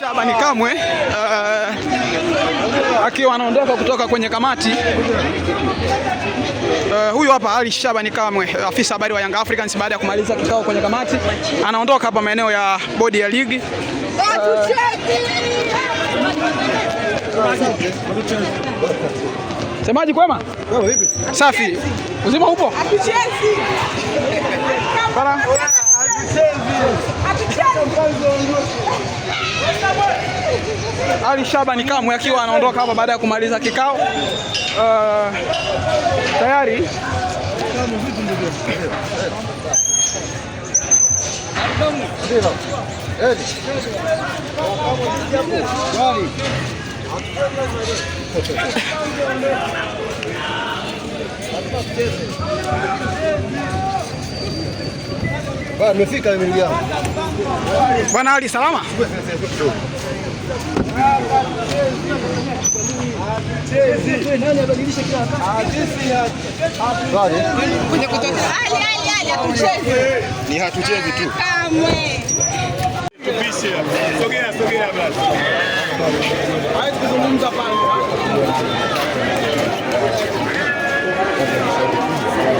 Shabani Kamwe uh, akiwa anaondoka kutoka kwenye kamati uh, huyu hapa Ali Shabani Kamwe, afisa habari wa Young Africans, baada ya kumaliza kikao kwenye kamati, anaondoka hapa maeneo ya bodi ya ligi uh, Semaji kwema? Safi. Uzima upo? Atuchezi. Ali Shabani Kamwe akiwa anaondoka hapa baada ya kumaliza kikao uh, tayari Ba, nimefika mimi yangu. Bwana Ali, salama? Ni hatuchezi tu.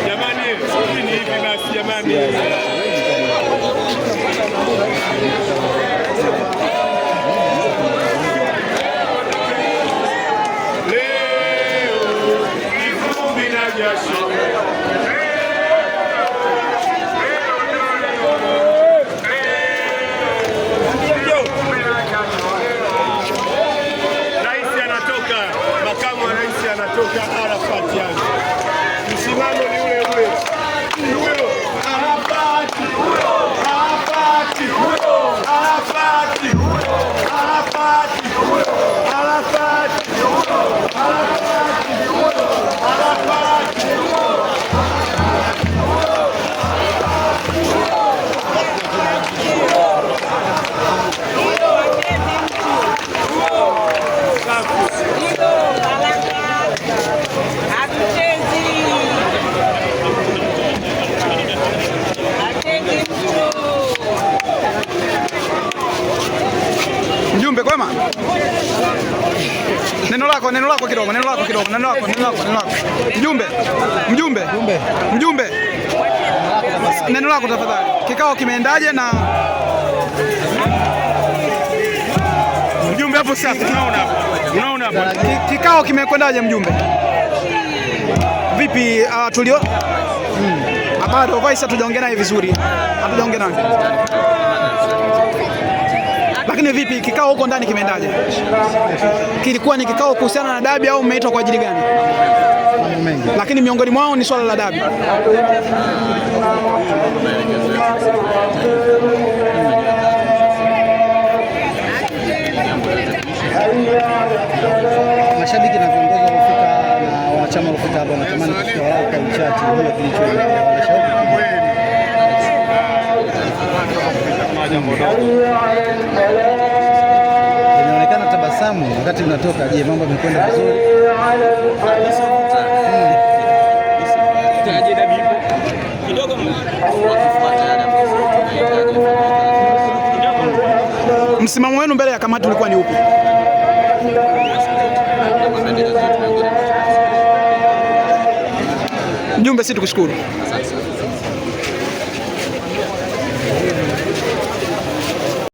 Jamani, ni hivi basi jamani. Obrigado. Mjumbe kwema, neno lako neno lako kidogo neno lako kidogo neno lako neno lako neno lako mjumbe mjumbe mjumbe, neno lako tafadhali. Kikao kimeendaje? na mjumbe hapo safi, tunaona hapo, unaona hapo kikao kimekwendaje mjumbe? Vipi uh, tulio bado hmm. Voice hatujaongea naye vizuri, hatujaongea naye lakini vipi kikao huko ndani kimeendaje? Kilikuwa ni kikao kuhusiana na dabi au umeitwa kwa ajili gani? Lakini miongoni mwao ni swala la dabi. Mashabiki na viongozi wamefika na wanachama wamefika hapa, wanatamani kwa uchache kilicho unatoka, je, mambo yamekwenda vizuri? Msimamo wenu mbele ya kamati ulikuwa ni upi? Mjumbe, si tukushukuru.